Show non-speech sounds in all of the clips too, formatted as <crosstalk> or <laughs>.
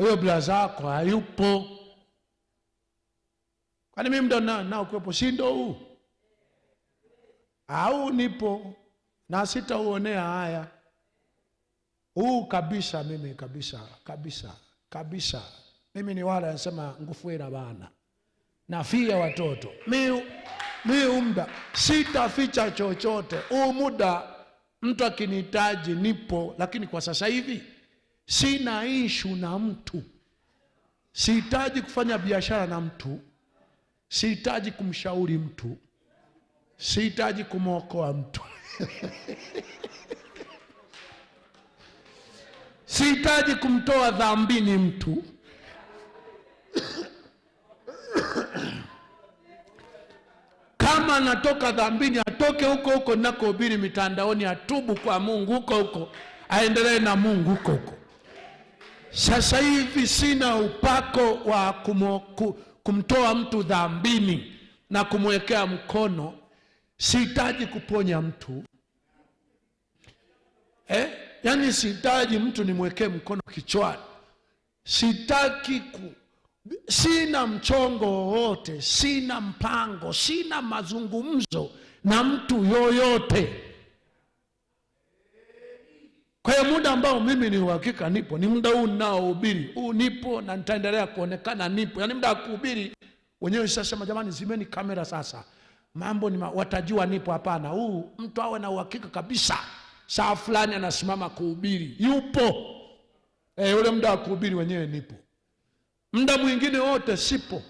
huyo blaza yako hayupo. Kwani mimi ndo na na ukwepo, si ndo huu au nipo na sitauonea haya huu kabisa, mimi kabisa kabisa kabisa, mimi ni wala sema ngufwera bana nafia watoto miu mi umda sitaficha chochote huu muda, mtu akinihitaji nipo, lakini kwa sasa hivi Sina ishu na mtu, sihitaji kufanya biashara na mtu, sihitaji kumshauri mtu, sihitaji kumwokoa mtu <laughs> sihitaji kumtoa dhambini mtu <coughs> kama anatoka dhambini atoke huko huko ninakohubiri mitandaoni, atubu kwa Mungu huko huko, aendelee na Mungu huko huko. Sasa hivi sina upako wa kumoku, kumtoa mtu dhambini na kumwekea mkono. Sihitaji kuponya mtu eh? Yaani sihitaji mtu nimwekee mkono kichwani, sitaki ku sina mchongo wowote, sina mpango, sina mazungumzo na mtu yoyote. Kwa hiyo muda ambao mimi ni uhakika nipo ni muda huu ninaohubiri huu, nipo na nitaendelea kuonekana nipo, yaani muda wa kuhubiri wenyewe. Sasa jamani, zimeni kamera sasa, mambo ni ma, watajua nipo. Hapana, huu mtu awe na uhakika kabisa, saa fulani anasimama kuhubiri, yupo e, ule muda wa kuhubiri wenyewe nipo, muda mwingine wote sipo.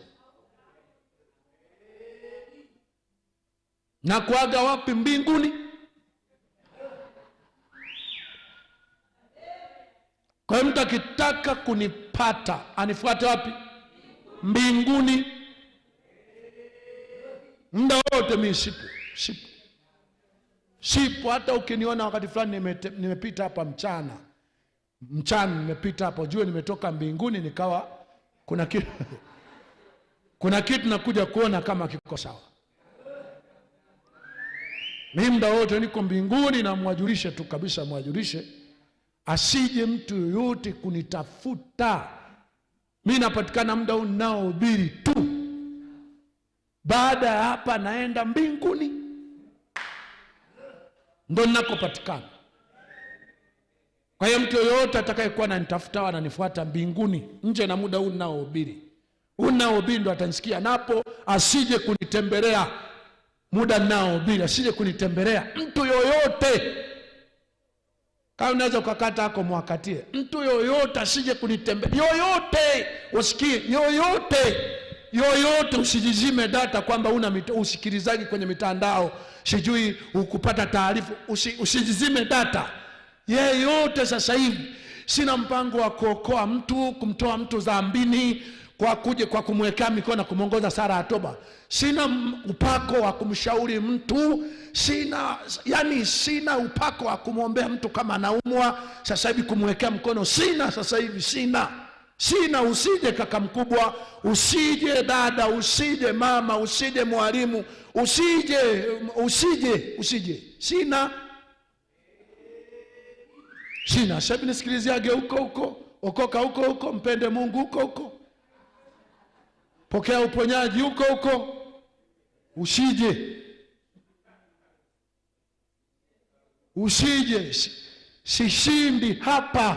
Na kuaga wapi? Mbinguni. hiyo mtu akitaka kunipata anifuate wapi? Mbinguni, muda wote. Mi sipo sipo sipo. Hata ukiniona wakati fulani nimepita hapa mchana mchana, nimepita hapa, ujue nimetoka mbinguni, nikawa kuna kitu <laughs> kuna kitu nakuja kuona kama kiko sawa. Mi muda wote niko mbinguni, na mwajulishe tu kabisa, mwajulishe asije mtu yoyote kunitafuta. Mi napatikana muda huu ninaohubiri tu, baada ya hapa naenda mbinguni, ndo ninakopatikana. Kwa hiyo mtu yoyote atakayekuwa ananitafuta ananifuata mbinguni, nje na muda huu ninaohubiri huu ninaohubiri ndo atanisikia, napo asije kunitembelea muda ninaohubiri, asije kunitembelea mtu yoyote kama unaweza ukakata ako mwakatie mtu yoyote asije kunitembea yoyote, usikie yoyote yoyote, usijizime data kwamba una usikilizaji kwenye mitandao, sijui ukupata taarifa, usi, usijizime data yeyote. Sasa hivi sina mpango wa kuokoa mtu, kumtoa mtu dhambini, kwa kuje kwa kumwekea mikono na kumwongoza sara ya toba. Sina upako wa kumshauri mtu, sina yani, sina upako wa kumwombea mtu kama anaumwa sasa hivi, kumwekea mkono sina, sasa hivi sina, sina. Usije kaka mkubwa, usije dada, usije mama, usije mwalimu, usije, usije, usije, sina, sina. Sasa hivi nisikiliziage huko huko, okoka huko huko, mpende Mungu huko huko pokea uponyaji huko huko, usije usije sishindi hapa.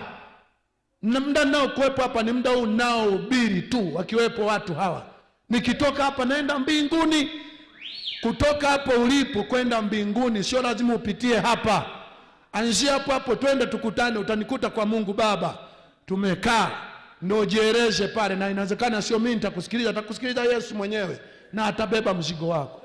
Na mda nao kuwepo hapa ni mda huu naohubiri tu, wakiwepo watu hawa. Nikitoka hapa naenda mbinguni. Kutoka hapo ulipo kwenda mbinguni, sio lazima upitie hapa. Anzia hapo hapo, twende tukutane, utanikuta kwa Mungu Baba tumekaa nojereshe pale, na inawezekana sio mimi nitakusikiliza, atakusikiliza Yesu mwenyewe na atabeba mzigo wako.